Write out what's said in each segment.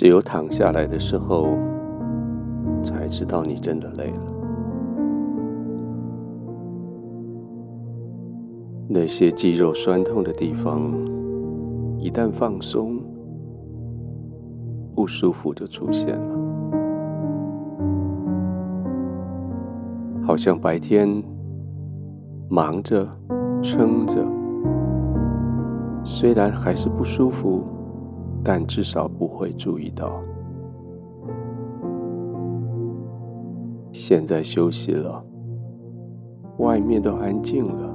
只有躺下來的時候，才知道你真的累了。那些肌肉酸痛的地方，一旦放鬆，不舒服就出現了。好像白天忙着撐着，雖然還是不舒服。但至少不會注意到。現在休息了，外面都安靜了，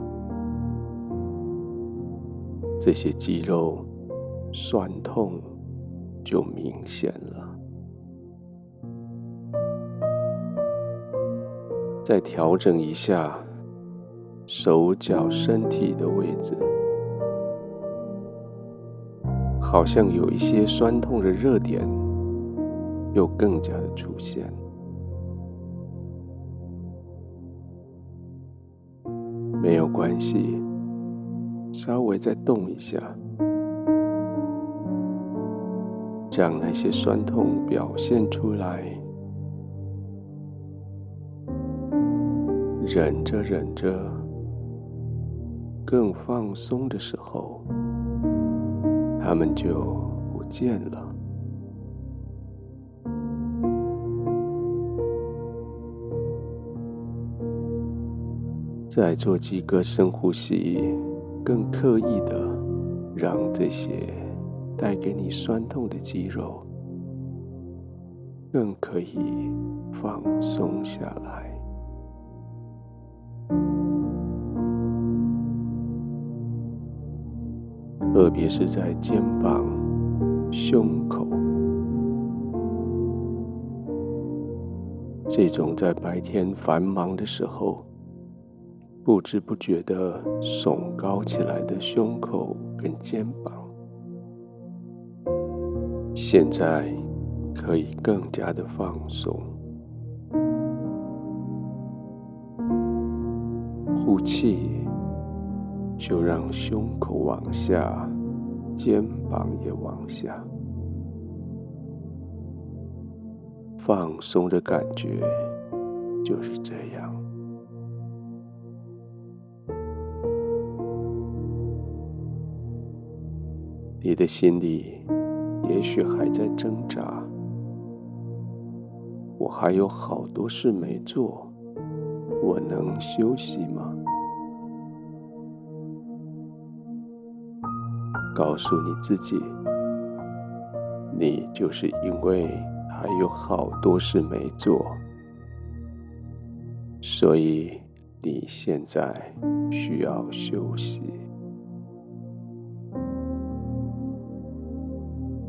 這些肌肉酸痛就明顯了。再調整一下手腳身體的位置。好像有一些酸痛的熱點，又更加的出現。沒有關係，稍微再動一下，讓那些酸痛表現出來。忍着忍着，更放鬆的時候。他們就不見了。再做幾個深呼吸，更刻意的讓這些帶給你酸痛的肌肉更可以放鬆下來。特別是在肩膀、胸口，這種在白天繁忙的時候不知不覺的聳高起來的胸口跟肩膀，現在可以更加的放鬆，呼氣。就讓胸口往下，肩膀也往下，放鬆的感覺就是這樣。你的心裡也許還在掙扎，我還有好多事沒做，我能休息嗎？告訴你自己，你就是因為還有好多事沒做，所以你現在需要休息。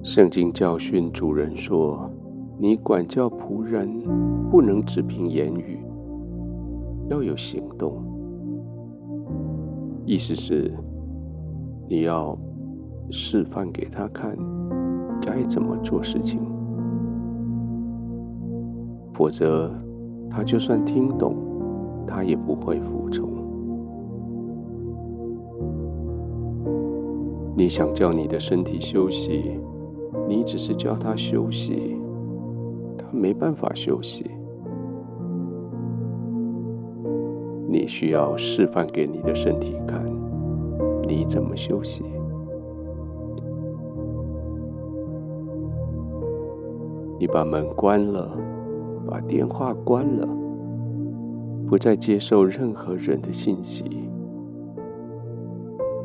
聖經教訓主人說，你管教僕人不能只憑言語，要有行動。意思是，你要，示範給他看該怎麼做事情，否則他就算聽懂，他也不會服從。你想叫你的身體休息，你只是叫他休息，他沒辦法休息。你需要示範給你的身體看，你怎麼休息。你把門關了，把電話關了，不再接受任何人的信息。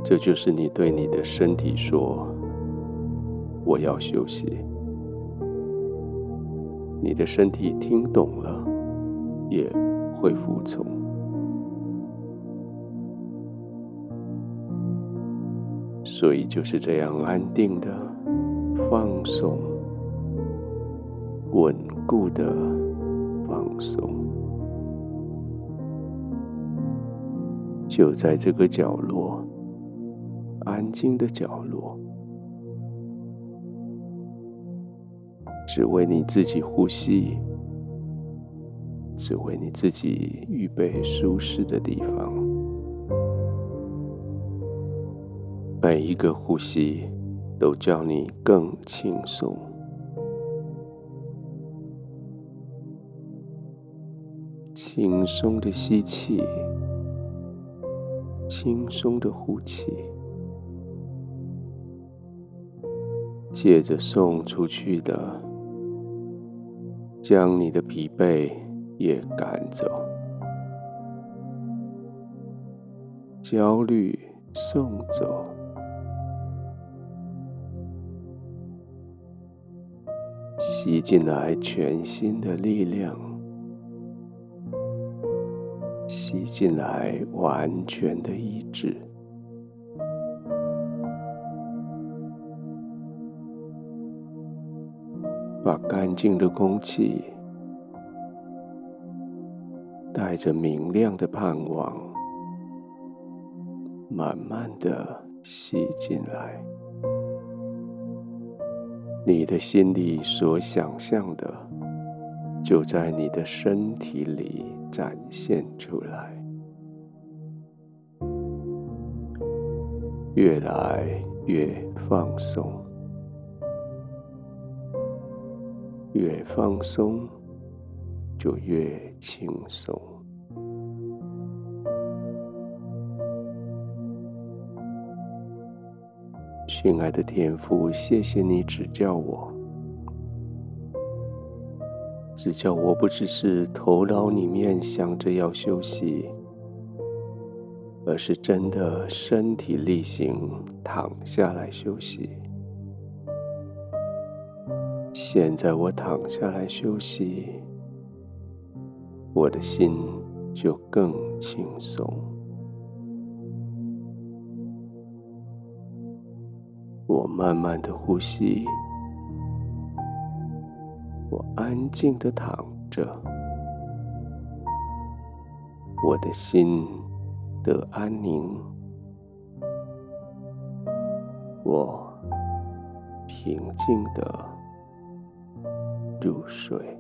這就是你對你的身體說：“我要休息。”你的身體聽懂了，也會服從。所以就是這樣安定的放鬆。穩固的放鬆，就在這個角落，安靜的角落，只為你自己呼吸，只為你自己預備舒適的地方。每一個呼吸都叫你更輕鬆。輕鬆的吸氣，輕鬆的呼氣，借着送出去的，將你的疲憊也趕走，焦慮送走，吸進來全新的力量。吸進來，完全的一致，把乾淨的空氣，帶着明亮的盼望，慢慢的吸進來。你的心裡所想象的。就在你的身體裡展現出來，越來越放鬆，越放鬆就越輕鬆。親愛的天父，謝謝你指教我。只叫我不只是頭腦裡面想着要休息，而是真的身體力行躺下來休息。現在我躺下來休息，我的心就更輕鬆。我慢慢的呼吸。安靜地躺着，我的心得安寧，我平靜地入睡。